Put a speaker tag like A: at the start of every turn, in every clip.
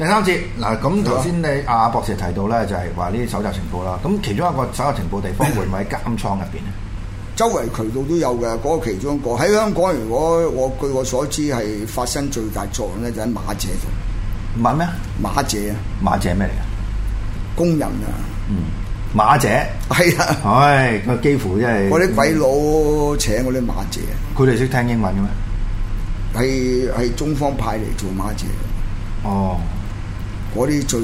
A: 第三節，嗱，咁頭先你阿博士提到咧，就係話呢啲蒐集情報啦。咁其中一個蒐集情報地方會唔會喺監倉入邊咧？
B: 周圍渠道都有嘅，嗰、那個其中一個喺香港。如果我據我所知係發生最大作用咧，就喺馬姐度。馬咩啊？馬姐啊，
A: 馬姐咩嚟噶？工人啊。嗯，馬姐。係啊、嗯。唉，佢幾乎即係。嗰啲鬼佬
B: 請嗰啲馬姐。
A: 佢哋識聽英文嘅咩？
B: 係係中方派嚟做馬姐。哦。嗰啲最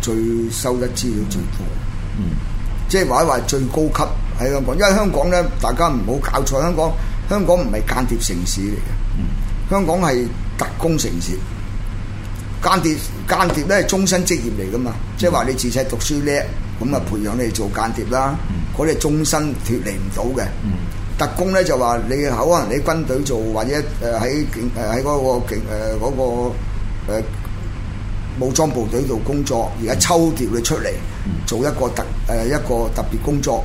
B: 最收得資料最多，嗯，即係話一話最高級喺香港，因為香港咧，大家唔好搞錯，香港香港唔係間諜城市嚟嘅，香港係、嗯、特工城市。間諜間諜咧係終身職業嚟噶嘛，嗯、即係話你自細讀書叻，咁啊培養你做間諜啦，嗰啲係終身脫離唔到嘅。嗯、特工咧就話你可能你軍隊做或者誒喺警誒喺嗰個警誒嗰個誒。那個那個呃呃呃呃武裝部隊度工作，而家抽調你出嚟做一個特誒一個特別工作，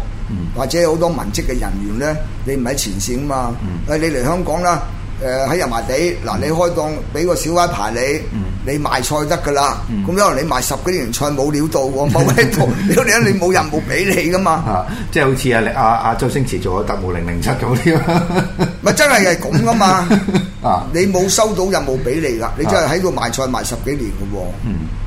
B: 或者好多文職嘅人員咧，你唔喺前線啊嘛，誒，你嚟香港啦。誒，喺油麻地嗱，你開檔俾個小販牌你，你賣菜得噶啦。咁、嗯、因為你賣十幾年菜冇料到，我冇咩料到， 你你冇任務俾你噶嘛啊啊。啊，即係
A: 好似阿阿阿周星馳做咗特務零零七咁啲，咪 真係係咁噶嘛。啊，
B: 你冇收到任務俾你噶，你真係喺
A: 度賣菜賣十幾年噶喎。嗯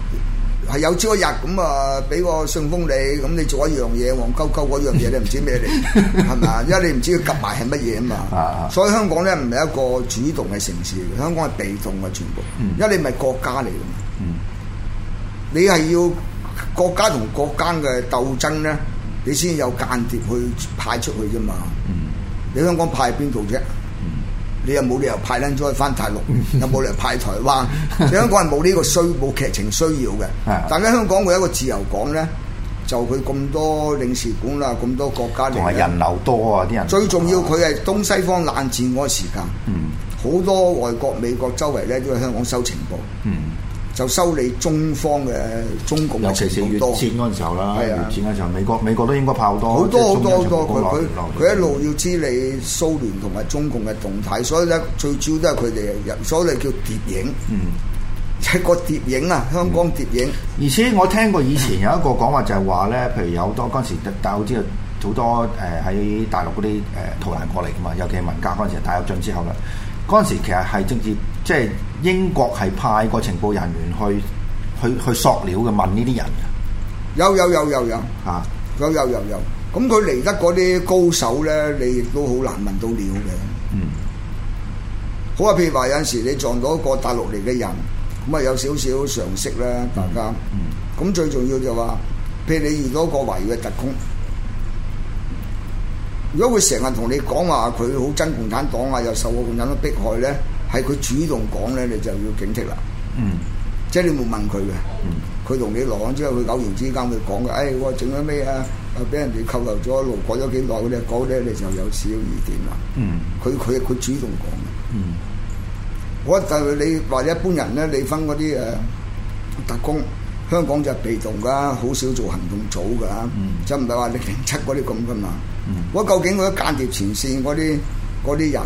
B: 係有朝一日咁啊，俾個信封你，咁你做一樣嘢，黃鳩鳩嗰樣嘢你唔知咩嚟，係咪啊？因為你唔知佢夾埋係乜嘢啊嘛。 所以香港咧唔係一個主動嘅城市嚟嘅，香港係被動嘅全部。因為你唔係國家嚟嘅嘛。你係要國家同國家嘅鬥爭咧，你先有間諜去派出去啫嘛。你香港派邊度啫？你又冇理由派捻咗去翻大陸，又冇理由派台灣。 香港人冇呢個需，冇劇情需要嘅。 但係香港會一個自由港咧，就佢咁多領事館啦，咁多國家嚟。同埋人
A: 流多啊，啲人。最
B: 重要佢係東西方冷戰嗰時間。嗯。好多外國美國周圍咧都喺香港收情報。嗯。就收你中方嘅
A: 中共嘅尤其越戰嗰陣時候啦，越是、啊、越戰嗰陣時候，美國美國都應該該好多好多好中多好多佢佢
B: 一路要知你蘇聯同埋中共嘅動態，所以咧最主要都係佢哋入，所謂叫諜影。嗯，即係個諜影啊，香港諜影。
A: 嗯、而且我聽過以前有一個講話就係話咧，譬如有好多嗰陣時大大，但係我知道好多誒喺大陸嗰啲誒逃難過嚟噶嘛，尤其係文革陣時時大躍進之後啦，嗰陣時其實係政治即係。即英國係派個情報人員去去去索料嘅，問呢啲人，
B: 有有有有有、吓有有有有。咁佢嚟得嗰啲高手咧，你亦都好難問到料嘅。嗯，好啊，譬如話有陣時你撞到一個大陸嚟嘅人，咁啊有少少常識咧，大家，咁，嗯嗯，最重要就話，譬如你遇嗰個懷疑嘅特工，如果佢成日同你講話佢好憎共產黨啊，又受共產黨迫害咧。係佢主動講咧，你就要警惕啦、嗯。嗯，即係你冇問佢嘅。佢同你講之後，佢偶然之間會講嘅，誒、哎，我整咗咩啊？啊，俾人哋扣留咗路過，過咗幾耐，你講咧，你就有少少疑點啦。嗯，佢佢佢主動講。嗯我，我但係你或者一般人咧，你分嗰啲誒特工，香港就係被動噶，好少做行動組噶。嗯，就唔係話你偵測嗰啲咁噶嘛。嗯，我、嗯、究竟嗰啲間諜前線啲嗰啲人？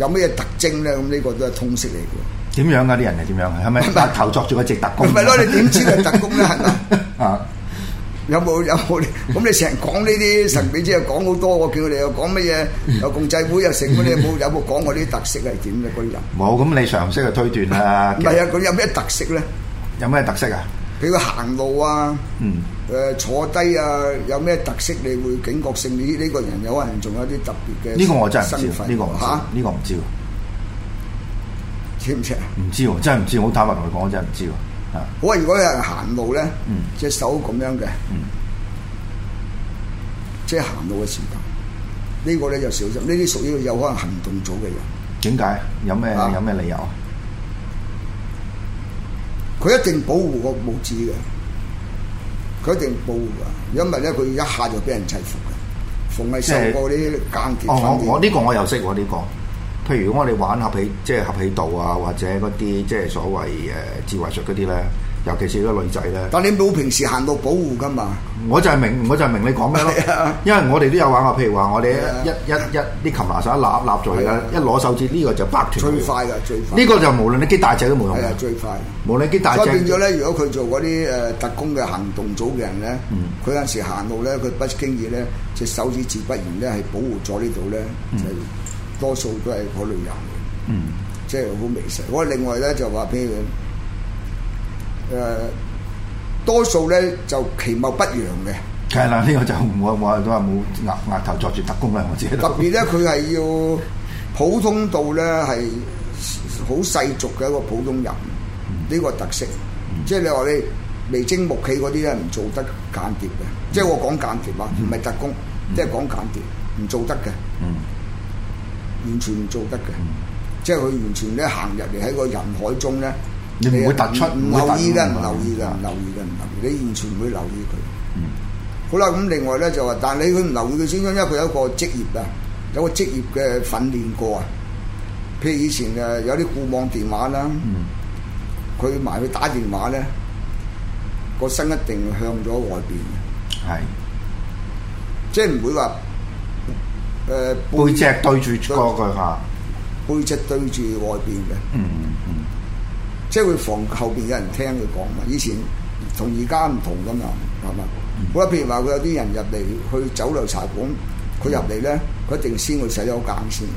B: 有咩特徵咧？咁呢個都係通識嚟嘅。
A: 點樣啊？啲人係點樣啊？係咪白頭作住個直特工？唔係咯，你點知
B: 佢特工咧？係
A: 嘛？啊！有
B: 冇有冇？咁你成日講呢啲神秘之後講好多。我叫你又講乜嘢？又共濟會又成。咁你有冇有冇講過呢啲特色係點嘅個人？
A: 冇。咁你常識去推斷啦。唔係啊！佢有咩特色咧？有咩特色啊？
B: 佢個行路啊？嗯。誒、呃、坐低啊！有咩特色？你會警覺性呢？呢、這個人有可能仲有啲特別嘅身份，呢個我真
A: 係唔知喎，知唔知啊？唔知真係唔知。好坦白同你講，我真係唔知、嗯、
B: 好嚇。如果有人行路咧，隻、嗯、手咁樣嘅，嗯、即係行路嘅時間，這個、呢個咧就小心。呢啲屬於有可能行動組嘅人。點
A: 解？有咩、啊、有咩理由？
B: 佢一定保護個拇指嘅。佢一定報㗎，因為咧，佢一下就俾人制服嘅。
A: 逢係受過啲間諜，的哦，我我呢個我又識喎呢個。譬如如果我哋玩合氣，即係合氣道啊，或者嗰啲即係所謂誒、呃、智慧術嗰啲咧。尤其是個女仔咧，但
B: 你冇平時行路保護噶嘛
A: 我？我就係明，我就係明你講咩，因為我哋都有玩過，譬如話我哋一一一啲擒拿， 拿手，一攬攬在啦，一攞手指呢個就百斷最快嘅，最快呢個就無論你幾大隻都冇用啊，最快。無論幾大隻，幾大隻，幾大隻、嗯，咁變咗
B: 咧，如果佢做嗰啲誒特工嘅行動組嘅人咧，佢有時行路咧，佢不經意咧隻手指自不然咧，係保護咗呢度咧，係、就是、多數都係嗰類人，嗯、就是，即係好微細。我另外咧就話俾佢。誒多數咧就其貌不揚嘅，
A: 係啦，呢、這個就我我都話冇額額頭着住特工啦，我自己。特別
B: 咧，佢係要普通到咧係好世俗嘅一個普通人，呢、嗯、個特色。即係、嗯、你話你眉精目企嗰啲咧，唔做得間諜嘅。即係我講間諜話唔係特工，即係講間諜唔做得嘅，嗯、完全唔做得嘅。即係佢完全咧行入嚟喺個人海中咧。你唔會突出，唔留不不意噶，唔留、嗯、意噶，唔留意噶，唔留意，意。你完全唔會留意佢。嗯、好啦，咁另外咧就話，但係你佢唔留意佢先生，因為佢有一個職業啊，有個職業嘅訓練過啊。譬如以前誒有啲固網電話啦，佢埋、嗯、去打電話咧，個身一定向咗外邊嘅。即係唔會話誒、呃、背，背脊對住出，佢嚇。背脊對住、啊、外邊嘅。嗯嗯嗯嗯即係會防後邊有人聽佢講嘛？以前同而家唔同㗎嘛，係嘛？好啦，譬如話佢有啲人入嚟去酒樓茶館，佢入嚟咧，佢一定先會洗手間先。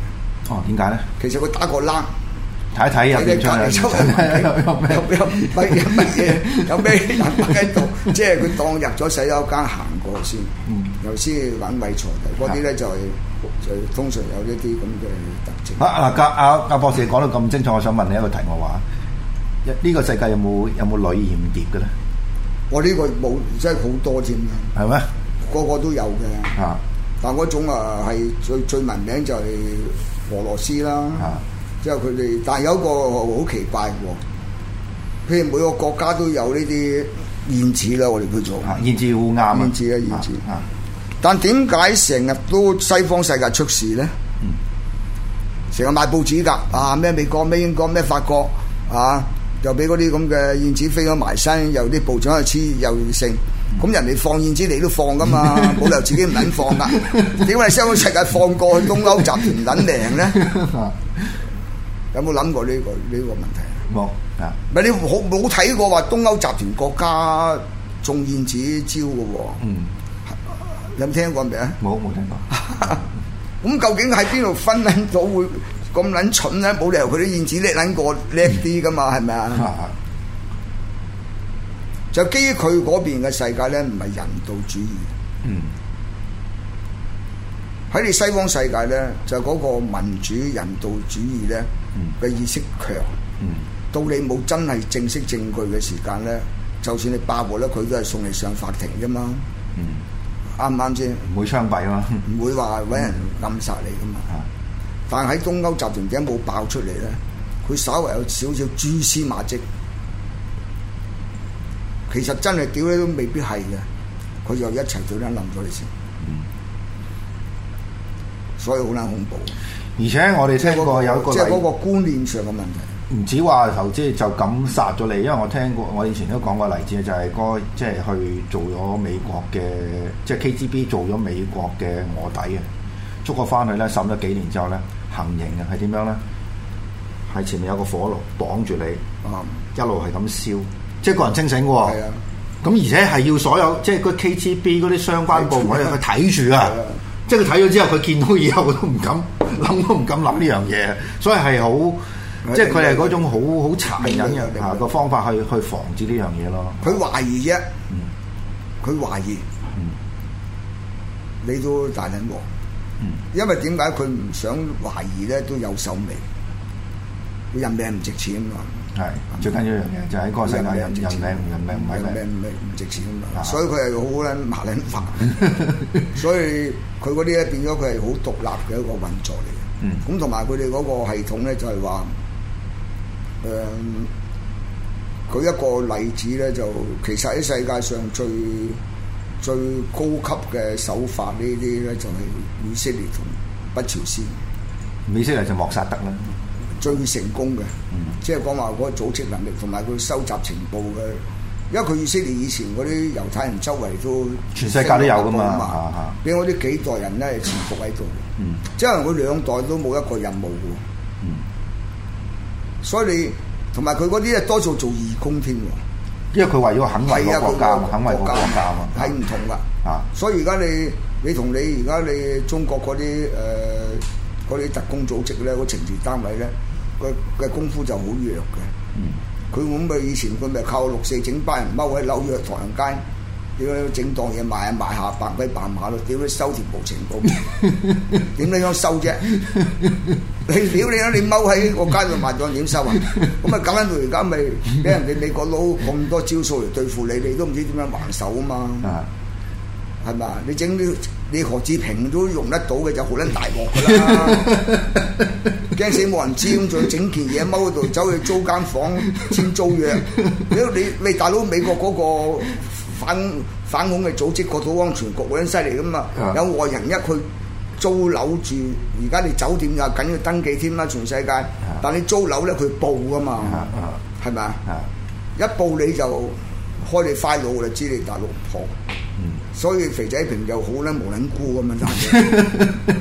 B: 哦，
A: 點解咧？
B: 其實佢打個冷睇一睇有冇嘢出嚟，有有有咩嘢乜嘢？有咩人喺度？即係佢當入咗洗手間行過先，又先揾位坐。嗰啲咧就係就通常有一啲咁嘅特
A: 徵。啊嗱，隔阿阿博士講得咁清楚，我想問你一個題外話。呢個世界有冇有冇女間諜嘅咧？
B: 我呢個冇，真係好多添係
A: 咩？
B: 嗎個個都有嘅。啊！但嗰種話係最最聞名就係俄羅斯啦。啊！之後佢哋，但係有一個好奇怪喎。譬如每個國家都有呢啲燕子啦，我哋叫做燕子、烏鴉、燕子啊，燕子、燕子、燕子啊！啊但點解成日都西方世界出事咧？成日賣報紙㗎啊！咩美國、咩英國、咩法國啊！啊又俾嗰啲咁嘅燕子飛咗埋身，又啲部長又黐又剩，咁人哋放燕子你都放噶嘛，冇理由自己唔肯放噶。點解西方成日放過去東歐集團撚命咧？有冇諗過呢個呢個問題？冇啊，唔係你好冇睇過話東歐集團國家種燕子蕉嘅喎？嗯，有冇聽過未啊？冇，冇聽過。咁究竟喺邊度分捻到會？咁撚蠢咧，冇理由佢啲燕子叻撚過叻啲噶嘛，係咪啊？就基於佢嗰邊嘅世界咧，唔係人道主義。嗯，喺你西方世界咧，就嗰個民主人道主義咧嘅意識強。嗯，到你冇真係正式證據嘅時間咧，就算你爆喎咧，佢都係送你上法庭啫嘛。嗯，啱唔啱先？唔會槍斃啊嘛！唔會話揾人暗殺你噶嘛？但喺東歐集團點解冇爆出嚟咧，佢稍微有少少蛛絲馬跡，其實真係屌你都未必係嘅，佢又一齊做咧冧咗你先，
A: 所以好撚恐怖。嗯、而且我哋聽嗰個有個即係嗰個觀念上嘅問題，唔止話頭先就咁殺咗你，因為我聽過我以前都講過例子，就係嗰個即係去做咗美國嘅，即係 KGB 做咗美國嘅臥底嘅，捉過翻去咧審咗幾年之後咧。行刑啊，係點樣咧？係前面有個火爐綁住你，嗯、一路係咁燒，即係個人清醒喎、哦。咁、啊、而且係要所有即係個 KGB 嗰啲相關部門去睇住啊，即係佢睇咗之後，佢見到以後，佢 都唔敢，諗都唔敢諗呢樣嘢，所以係好，
B: 是即係佢係嗰種
A: 好好殘忍嘅個方法去去防止呢樣嘢咯懷。佢懷、嗯、疑啫，佢懷疑，你
B: 都大隱患。因為點解佢唔想懷疑咧，都有手尾。佢人命唔值錢嘛，係最緊要一樣
A: 嘢就係喺個世界，人
B: 命人命唔係命，唔值錢。所以佢係好捻麻捻煩， 所以佢嗰啲咧變咗佢係好獨立嘅一個運作嚟嘅。咁同埋佢哋嗰個系統咧就係話，誒、呃，舉一個例子咧就其實喺世界上最。最高級嘅手法呢啲咧，就係以色列同北朝鮮。
A: 以色列就莫沙德啦，
B: 最成功嘅，即係講話嗰個組織能力同埋佢收集情報嘅。因為佢以色列以前嗰啲猶太人周圍都全世界都有噶
C: 嘛，
B: 俾我啲幾代人咧潛伏喺度。即係佢兩代都冇一個任務嘅。嗯、所以你同埋佢嗰啲咧，多數做義工添。因為佢
A: 為咗肯為個國家，啊、肯為國家嘛，係唔同噶。啊，
B: 所以而家你你同你而家你中國嗰啲誒啲特工組織咧，個情治單位咧，佢嘅功夫就好弱嘅。嗯，佢咁咪以前佢咪靠六四整班人踎喺紐約唐人街。屌，整檔嘢賣啊賣下，扮鬼扮馬咯！屌，你收錢冇成功，點你想收啫？屌你啊！你踎喺個街度賣檔，點收啊？咁啊，搞翻到而家咪俾人哋美國佬咁多招數嚟對付你，你都唔知點樣還手啊嘛！啊，係咪？你整啲，你何志平都用得到嘅，就好捻大鑊噶啦！驚死冇人知，咁就整件嘢踎喺度，走去租間房簽租約。屌你，你大佬美國嗰個。反反恐嘅組織國土安全局嗰樣犀利㗎嘛。啊、有外人一去租樓住，而家你酒店又緊要登記添啦，全世界。但你租樓咧，佢報噶嘛，係咪啊？啊吧啊一報你就開你快勞，我就知你大陸婆。嗯，所以肥仔平又好啦，無撚顧咁
A: 樣。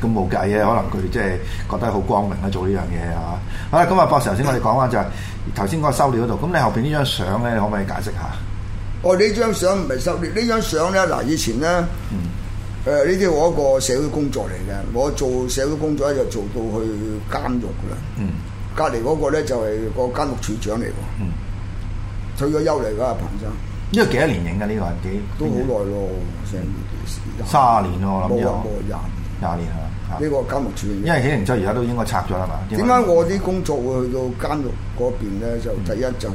A: 咁冇 計嘅，可能佢即係覺得好光明啦，做呢樣嘢啊！好啦，咁啊，博士頭先我哋講啦，就係頭先嗰收料嗰度。咁你後邊呢張相咧，可唔可以解釋下？
B: 哦，呢張相唔係十年，呢張相咧嗱，以前咧，誒呢啲我一個社會工作嚟嘅，我做社會工作咧就做到去監獄㗎啦。嗯，隔離嗰個咧就係個監獄處長嚟嘅。嗯，退咗休嚟㗎，
A: 彭生。呢個幾多年影㗎？呢個係幾？都好耐咯，成年幾時？卅年咯，我諗。冇廿年。廿年啊！呢個監獄處。因為喜靈洲而家都應該拆咗啦嘛。點解我
B: 啲工作會去到監獄嗰邊咧？就第一就係。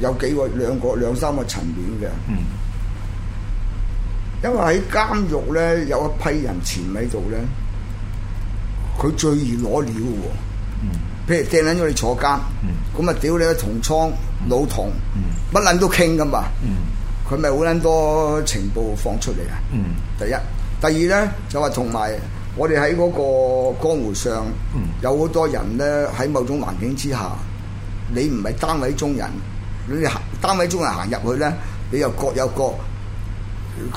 B: 有幾個，兩個兩三個層面嘅。嗯、因為喺監獄咧有一批人潛喺度咧，佢最易攞料喎。嗯、譬如掟撚咗你坐監，咁啊屌你嘅同倉老同，乜撚、嗯、都傾噶嘛？佢咪好撚多情報放出嚟啊！嗯、第一，第二咧就話同埋我哋喺嗰個江湖上有好多人咧，喺某種環境之下，你唔係單位中人。你行單位中人行入去咧，你又各有各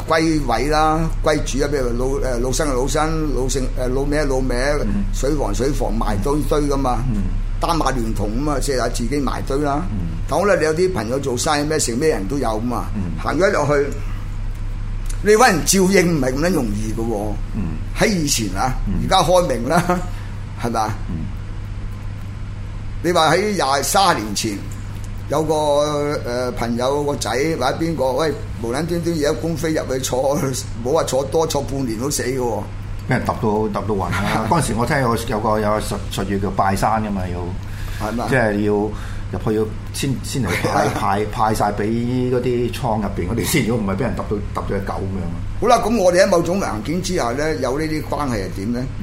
B: 歸位啦，歸主啊，譬如老誒老生啊，老生老姓誒老名啊，老名水房水房埋堆堆噶嘛，嗯、單馬聯同咁啊，即係自己埋堆啦。但好咧，你有啲朋友做生意咩成咩人都有噶嘛，行咗落去，你揾人照應唔係咁容易噶喎。喺、嗯、以前啊，而家開明啦，係咪啊？嗯、你話喺廿卅年前？有個誒朋友個仔或者邊個喂無諗端端而家公飛入去坐，冇話坐
A: 多坐半年都死嘅、哦。俾人揼到揼到暈啦！嗰陣 時我聽有有個有術術語叫拜山嘅嘛，要嗎即係要入去要先先嚟派派晒俾嗰啲倉入邊嗰啲先，如果唔係俾人揼到揼咗隻狗咁樣。
B: 好啦，咁我哋喺某種環境之下咧，有呢啲關係係點咧？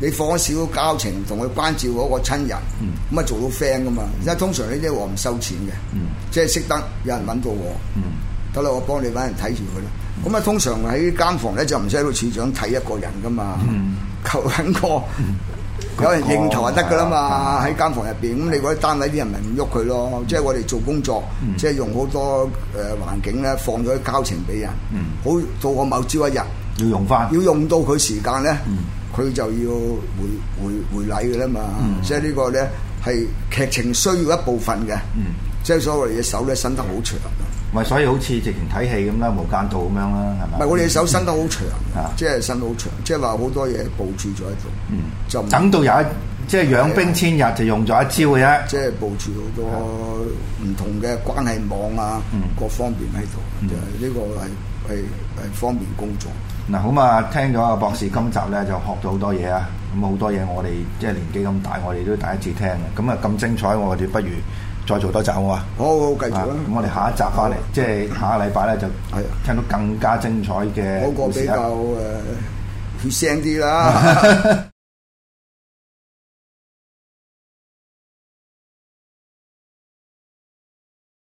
B: 你放咗少少交情同佢關照嗰個親人，咁啊做到 friend 噶嘛？而家通常呢啲我唔收錢嘅，即係識得有人揾到我，得啦，我幫你揾人睇住佢啦。咁啊，通常喺監房咧就唔使到處長睇一個人噶嘛，求緊個有人認頭就得噶啦嘛。喺監房入邊，咁你嗰啲單位啲人咪唔喐佢咯，即係我哋做工作，即係用好多誒環境咧放咗啲交情俾人，好到我某朝一日要用翻，要用到佢時間咧。佢就要回回回禮嘅啦嘛，嗯、即係呢個咧係劇情需要一部分嘅，嗯、即係所謂嘅手咧
A: 伸得好長。咪、嗯、所以好似直情睇戲咁啦，《無間道》咁樣啦，係嘛？咪我哋嘅
B: 手伸得好長，啊、長，即係伸得好長，即係話好多嘢佈置咗喺度。嗯，
A: 就等到有一。即係養兵千日的就用咗一招嘅啫。即係部署好多唔同嘅關係網啊，的各方面喺度，嗯、就係呢個係係係方便工作。嗱，好嘛，聽咗博士今集咧就學咗好多嘢啊！咁好多嘢我哋即係年紀咁大，我哋都第一次聽咁啊咁精彩，我哋不如再做多集好嘛？好，好繼續啦。咁、啊、我哋下一集翻嚟，吧即係下個禮拜咧就聽到更加精彩嘅。嗰個比較
B: 誒、呃、血腥啲啦。